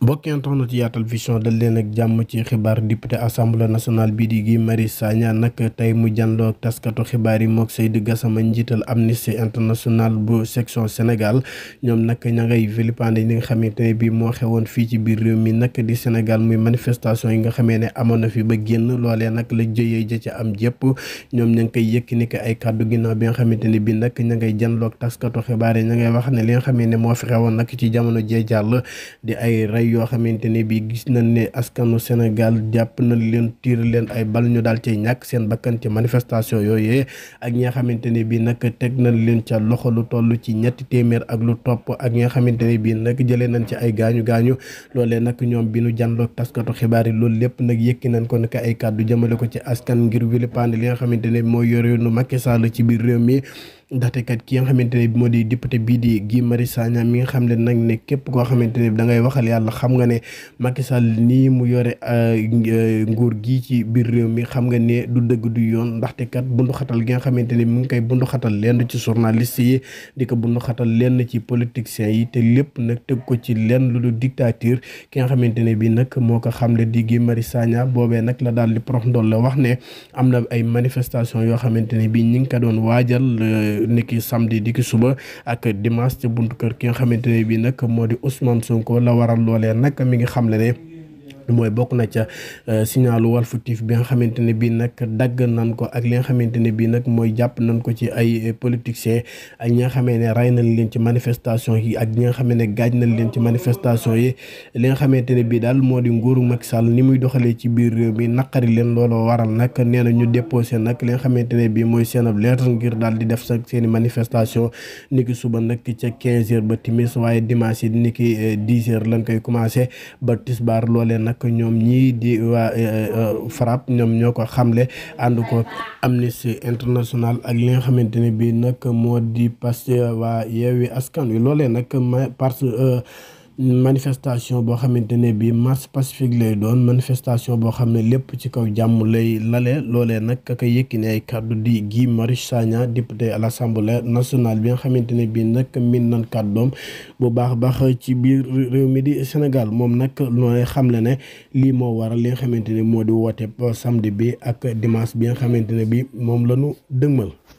mbokk internet yaatal vision dal leen ak jàmm ci xibaar député assemblée nationale bii di Guy Marius Sagna nag tey mu jàndoo ak taskatu xibaar yi mook Seydou Gassama njiital Amnesty International bu section Sénégal ñoom nag ña ngay vilipande li nga xamante ne bii moo xewoon fii ci biir réew mi nag di Sénégal muy manifestation yi nga xamee ne amoon na fi ba génn loolee nag la jëyee ja ci am jëpp ñoom ña ngi koy yëkki ni ay kàddu ginnaw bi nga xamante ni bii nag ña ngay jàndoo ak taskatu xibaar yi ña ngay wax ne li nga xamee ne moo fi xewoon nag ci jamono jee jàll di ay rey yoo xamante ne bi gis nañ ne askanu Sénégal jàpp nañ leen tiir leen ay bal ñu daal cay ñàkk seen bakkan ci manifestation yooyee ak ñi nga xamante ne bi nag teg nañ leen ca loxo lu toll ci ñetti téeméer ak lu topp ak ñi nga xamante ne bi nag jëlee nañ ci ay gaañu gaañu loolee nag ñoom bi nu janloog taskatu xibaar yi loolu lépp nag yëkki nañ ko naka ay kàddu jëmale ko ci askan ngir wilipaane li nga xamante ne mooy yore nu Macky Sall ci biir réew mi ndaxte kat ki nga xamante ne moo di député bii di Guy Marius Sagna mi nga xam ne nag ne képp koo xamante ne da ngay waxal yàlla xam nga ne Macky Sall nii mu yore euh, nguur gi ci biir réew mi xam nga ne du dëgg du yoon ndaxte kat bundu xatal gi nga xamante ne mu ngi koy bundu xatal lenn ci journaliste yi di ko bundu xatal lenn ci politiciens yi te lépp nag teg ko ci lenn lu du dictature ki nga xamante ne bi nag moo ko xam ne di Guy mari Sagna boobee nag la daal di prof ndool la wax ne am na ay manifestation yoo xamante bi ñi ngi ko doon waajal euh, ki samedi di ki suba ak dimanche ca buntu kër ki nga xamante ne bii nag moo di Ousmane Sonko la waral loolee nag mi ngi xamle ne. mooy bokk na ca euh, signalu Walf TV bi nga xamante ne bii nag dagg nan ko ak li nga xamante ne bii nag mooy jàpp nan ko ci ay euh, politiciens ak ñi nga ne rey nañ leen ci manifestation yi ak ñi nga xamee ne gaaj nañ leen ci manifestation yi li nga xamante ne bii daal moo di nguuru Macky Sall ni muy doxalee ci biir réew mi naqari leen looloo waral nag nee na ñu déposé nag li xamante ne bii mooy seen ab ngir daal di def sa seeni manifestation niki suba nag ca quinze heures ba timis waaye dimanche yi niki euh, dix heures lañ koy commencé ba tisbaar loolee nag nag ñoom ñii di waa eh, eh, eh, FRAPP ñoom ñoo ko xamle ànd ko Amnesty International ak li nga xamante ne bii nag moo di Pastef waa Yewwi Askan Wi loolee nag ma parce euh, manifestation boo xamante ne bii marche pacifique lay doon manifestation boo xam ne lépp ci kaw jàmm lay lale loolee nag ka koy ay kàddu di Guy Marius Sagna député à l'Assemblée nationale bi nga xamante ne bii nag min nan kàddoom bu baax baax ci biir réew mi di Sénégal moom nag nooy xamle ne lii moo waral li nga xamante ne moo di woote samedi bi ak dimanche bi nga xamante ne bii moom la ñu dëgmal